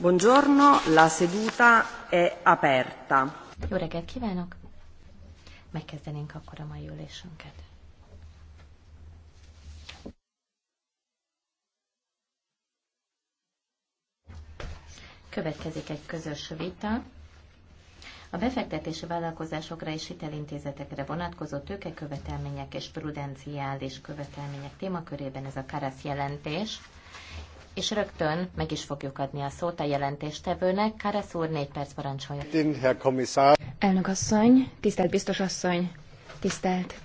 Buongiorno, la seduta è aperta. Jó reggelt kívánok! Megkezdenénk akkor a mai ülésünket. Következik egy közös vita. A befektetési vállalkozásokra és hitelintézetekre vonatkozó tőkekövetelmények és prudenciális követelmények témakörében ez a Karasz jelentés és rögtön meg is fogjuk adni a szót a jelentéstevőnek. Káresz úr, négy perc parancsolja. Elnök asszony, tisztelt biztos asszony, tisztelt